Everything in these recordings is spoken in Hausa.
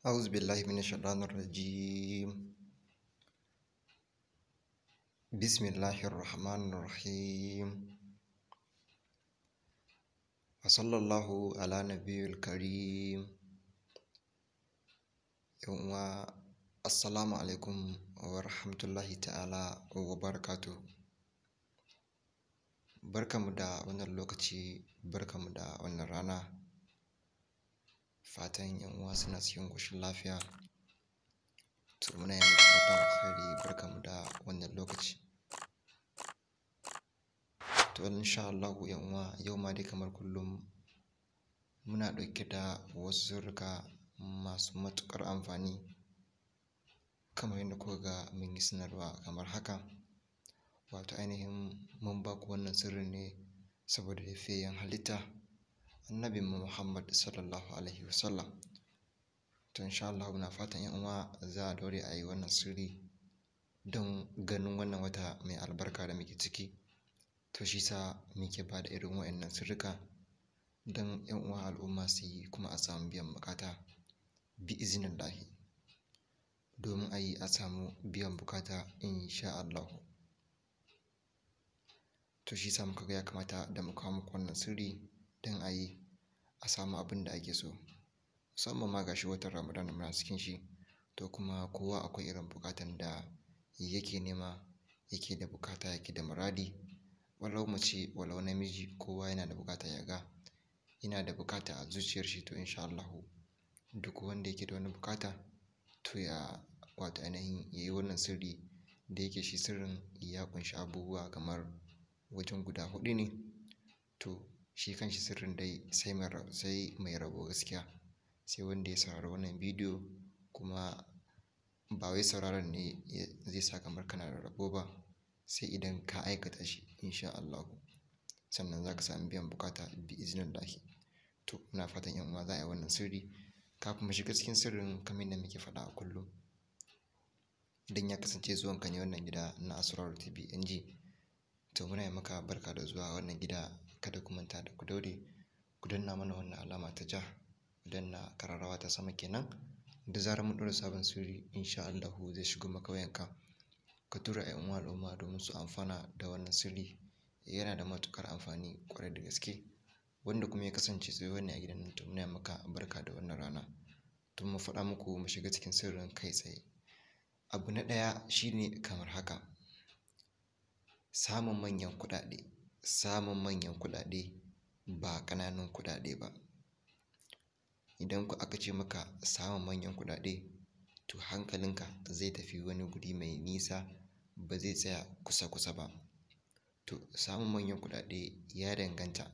أعوذ بالله من الشيطان الرجيم بسم الله الرحمن الرحيم وصلى الله على نبي الكريم يوم السلام عليكم ورحمة الله تعالى وبركاته barkamu da wannan lokaci barkamu da wannan rana fatan yan uwa suna cikin ƙoshin lafiya to muna yi muku fatan alkhairi barkamu da wannan lokaci to insha Allah yan uwa yau ma dai kamar kullum muna ɗauke da wasu zurruka masu matuƙar amfani kamar yadda kuka ga mun yi sanarwa kamar haka wato ainihin mun ba ku wannan sirrin ne saboda yan halitta annabin Muhammad sallallahu alaihi wasallam to insha Allah muna fatan yan uwa za a dore a yi wannan sirri don ganin wannan wata mai albarka da muke ciki to shi sa muke ba da irin wa'annan sirrika don yan uwa al'umma su yi kuma a samu biyan bukata bi izinin lahi domin a yi a samu biyan bukata insha Allah to shi sa muka ga ya kamata da muka kawo muku wannan sirri don a yi a samu abin da ake so musamman ma ga shi watan Ramadan muna cikin shi to kuma kowa akwai irin bukatan da yake nema yake da bukata yake da muradi walau mace walau namiji kowa yana da bukata ya ga yana da bukata a zuciyar shi to insha Allah duk wanda yake da wani bukata to ya wato ainihin ya yi wannan sirri da yake shi sirrin ya kunshi abubuwa kamar wajen guda huɗu ne to shi kanshi sirrin dai sai mai rabo gaskiya sai wanda ya saurari wannan bidiyo kuma ba wai sauraron ne zai sa kamar kana da rabo ba sai idan ka aikata shi insha Allah sannan za ka sami biyan bukata bi izinin lahi to muna fatan yan uwa za a yi wannan sirri kafin mu shiga cikin sirrin kamar yadda muke faɗa a kullum idan ya kasance zuwan ka ne wannan gida na Asrar TV NG to muna yi maka barka da zuwa wannan gida kada ku manta da ku daure ku danna mana wannan alama ta ja ku danna kararrawa ta sama kenan da zarar mun ɗora sabon sirri insha Allah zai shigo maka wayanka ka tura ƴan umma al'umma domin su amfana da wannan sirri yana da matukar amfani ƙwarai da gaske wanda kuma ya kasance tsayo ne a gidan nan to muna maka barka da wannan rana tun mu faɗa muku mu shiga cikin sirrin kai tsaye abu na ɗaya shine kamar haka samun manyan kuɗaɗe samun manyan kuɗaɗe ba ƙananun kuɗaɗe ba idan ku aka ce maka samun manyan kuɗaɗe to hankalinka zai tafi wani guri mai nisa ba zai tsaya kusa-kusa ba to samun manyan kuɗaɗe ya danganta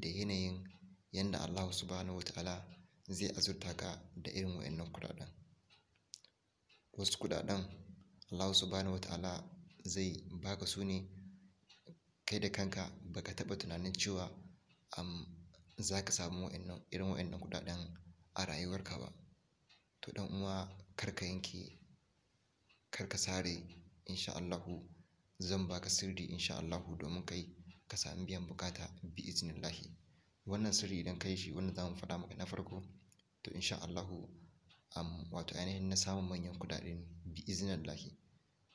da yanayin yadda Allah subhanahu wataala zai azurta ka da irin wayannan kuɗaɗen wasu kuɗaɗen Allah subhanahu wataala zai baka su ne kai da kanka ba ka taɓa tunanin cewa za ka samu irin wa'innan kudaden a rayuwarka ba to dan uwa kar ka yanke kar ka sare insha Allahu zan baka sirri insha Allahu domin kai ka sami biyan bukata bi iznillahi wannan sirri idan kai shi wanda za mu faɗa maka na farko to insha Allahu um, wato ainihin na samun manyan kudaden bi iznillahi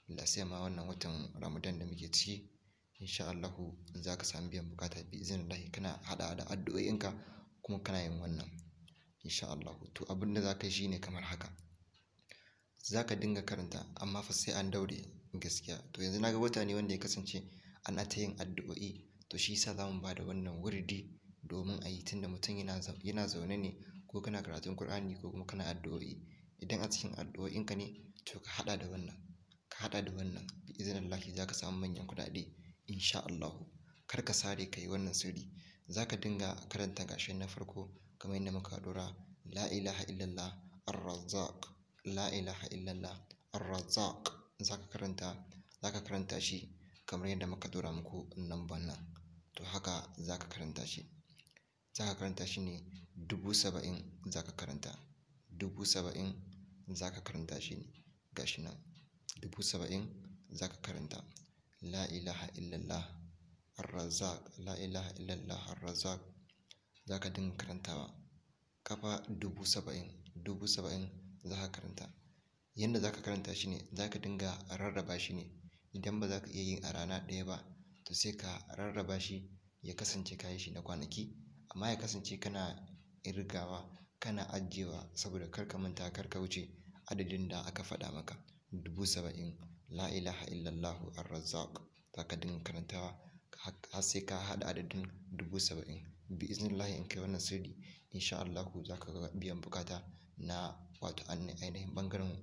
la sai ma wannan watan Ramadan da muke ciki insha Allahu za ka sami biyan bukata bi iznillahi kana hada da addu'o'inka kuma kana yin wannan insha Allahu. To abin da za ka shi ne kamar haka. Za ka dinga karanta amma fa sai an daure gaskiya. To yanzu na ga wata ne wanda ya kasance ana ta yin addu'o'i to shi yasa za mu ba da wannan wuridi domin a yi tunda mutum yana zaune ne ko kana karatun Kur'ani ko kuma kana addu'o'i. Idan a cikin addu'o'inka ne to ka haɗa da wannan, ka hada da wannan bi za ka samu manyan kuɗaɗe. insha Allahu. Kar ka sare ka yi wannan sirri. Za ka dinga karanta gashi na farko kamar yadda muka dora La ilaha illallah Ar-Razzaq. La ilaha illallah Ar-Razzaq. Za ka karanta, za ka karanta shi kamar yadda muka dora muku nan nan. To haka za ka karanta shi. Za ka karanta shi ne dubu saba'in za ka karanta. Dubu saba'in za ka karanta shi ne gashi nan. Dubu saba'in za ka karanta. la ilaha illallah ar la ilaha illallah za ka dinga ba kafa dubu saba'in dubu saba'in za ka karanta yadda za ka karanta shi ne za ka dinga rarraba shi ne idan ba za ka iya yin a rana ɗaya ba to sai ka rarraba shi ya kasance ka yi shi na kwanaki amma ya kasance kana irgawa kana ajiyewa saboda kar ka manta kar ka wuce adadin da aka faɗa maka dubu saba'in La ilaha illallahu ar-razzaq za ka dinga karantawa har sai ka haɗa adadin dubu saba'in. Bi iznillahi in kai wannan sirri insha Allah za ka ga biyan bukata na wato ainihin bangaren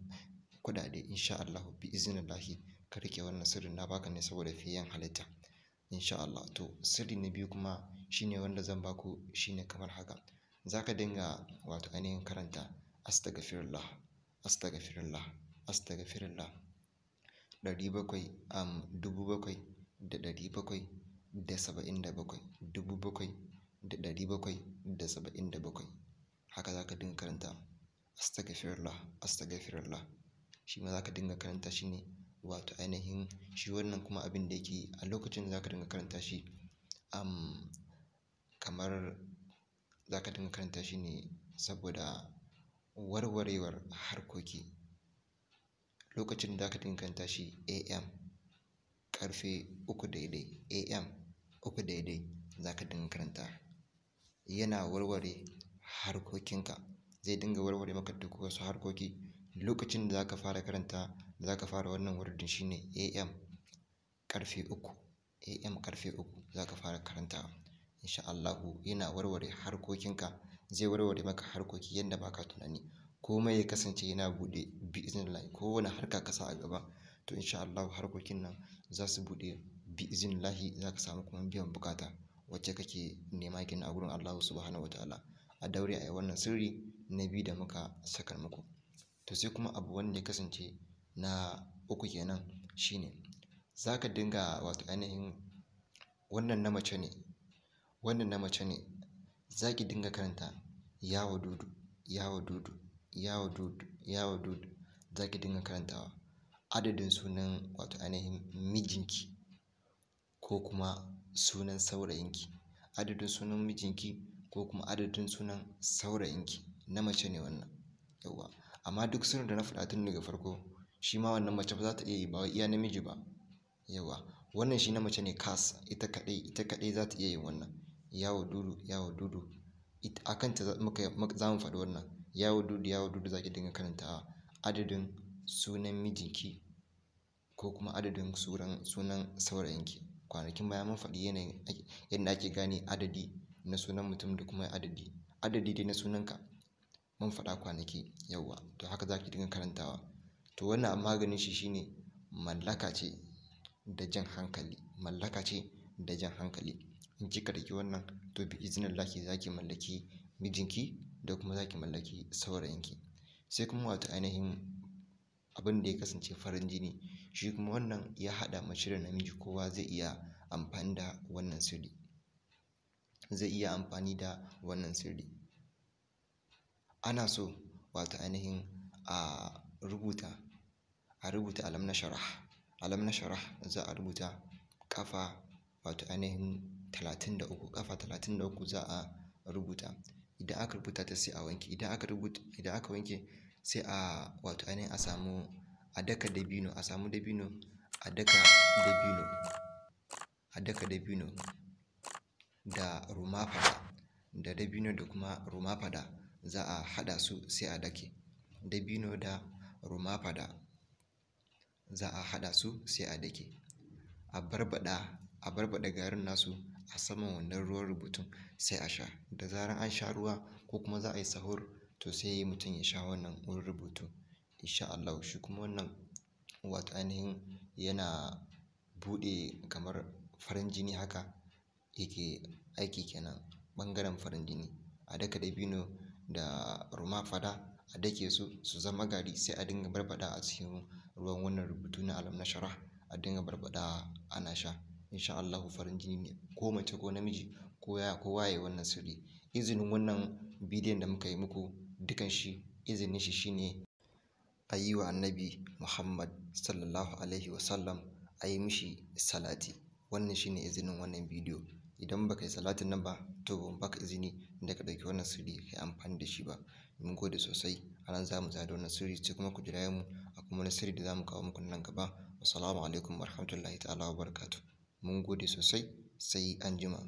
kuɗaɗe insha Allah Allahu bi iznillahi. Ka rike wannan sirrin na baka ne saboda fiyan halitta insha Allah. To sirri na biyu kuma shine wanda zan baku shine kamar haka. Za ka dinga wato ainihin karanta astagfirullah, astagfirullah, astagfirullah. ɗari bakwai, am, dubu bakwai da ɗari bakwai da saba'in da bakwai, dubu bakwai da ɗari bakwai da saba'in da bakwai. Haka za ka dinga karanta. Astagfirullah, astagfirullah. Shi ma za ka dinga karanta shi ne wato ainihin shi wannan kuma abin da yake a lokacin za ka dinga karanta shi, am, kamar za ka dinga karanta shi ne saboda warwarewar harkoki. lokacin da aka danganta shi AM ƙarfe uku daidai AM uku daidai za ka dinga karanta yana warware harkokinka zai dinga warware maka duk wasu harkoki lokacin da za ka fara karanta za ka fara wannan shi shine AM ƙarfe uku AM ƙarfe uku za ka fara karanta insha Allahu yana warware harkokinka zai warware maka harkoki yadda ba ka tunani komai ya kasance yana buɗe bi kowane harka ka sa a gaba to insha Allahu harkokin nan za su buɗe bi iznillahi za ka samu kuma biyan bukata wacce kake nema kin a gurin Allahu subhanahu wataala a daure a yi wannan sirri na bi da muka saka muku to sai kuma abu wanda ya kasance na uku kenan shine za ka dinga wato ainihin wannan na mace ne wannan na mace ne za ki dinga karanta ya wadudu ya wadudu yawo wadud yawo wadud za ki dinga karantawa adadin sunan wato ainihin mijinki ko kuma sunan saurayinki adadin sunan mijinki ko kuma adadin sunan saurayinki na mace ne wannan yauwa amma duk sunan da na faɗa tun daga farko shi ma wannan mace ba za ta iya yi ba iya namiji ba yauwa wannan shi na mace ne kas ita kaɗai ita kaɗai za ta iya yin wannan yawo dudu yawo dudu akan ta za mu faɗi wannan yawo dudu yawo dudu zaki dinga karanta adadin sunan mijinki ko kuma adadin sunan saurayinki kwanakin baya mun faɗi yanayin yadda ake gane adadi na sunan mutum da kuma adadi adadi dai na sunanka mun faɗa kwanaki yawa? to haka zaki dinga karantawa to wannan maganin shi shine mallaka ce da jan hankali mallaka ce da jan hankali in kika daki wannan to bi iznillahi zaki mallaki mijinki da kuma za ki mallaki saurayinki sai kuma wato ainihin abin da ya kasance farin jini shi kuma wannan ya haɗa mace da namiji kowa zai iya amfani da wannan sirri zai iya amfani da wannan sirri ana so wato ainihin a rubuta a rubuta alam na sharah alam na sharah za a rubuta kafa wato ainihin talatin da uku kafa talatin da uku za a rubuta idan aka rubuta ta sai a wanke idan aka rubuta idan aka wanke sai a wato ainihin a samu a daka dabino a samu dabino a daka dabino a daka dabino da ruma fada da dabino da kuma ruma fada za a haɗa su sai a dake dabino da ruma fada za a haɗa su sai a dake a barbada a barbada garin nasu a saman wannan ruwan rubutun sai a sha. Da zaran an sha ruwa ko kuma za a yi sahur to sai mutum ya sha wannan ruwan rubutun. insha sha Allahu. Shi kuma wannan wato ainihin yana buɗe kamar farin jini haka yake aiki kenan ɓangaren farin jini. A daka dabino da ruma rumafada a dake su su zama gari sai a dinga barbaɗa a cikin ruwan wannan rubutu na alam shara a dinga barbaɗa ana sha. insha Allahu farin jini ne ko mace ko namiji ko ya ko yayi wannan sirri. Izinin wannan bidiyon da muka yi muku dukan shi izinin shi shine a yi wa Annabi Muhammad Sallallahu Alaihi Wasallam a yi mishi salati. Wannan shine izinin wannan bidiyo. Idan ba yi salatin nan ba to ban baka izini da ka ɗauki wannan sirri ka yi amfani da shi ba. Mun gode sosai. A nan za mu zaɗa wannan sirri sai kuma ku jira mu a kuma wani sirri da za mu kawo muku nan gaba. Wassalamu alaikum warahmatullahi ta'ala barakatuh Mun gode sosai sai anjima.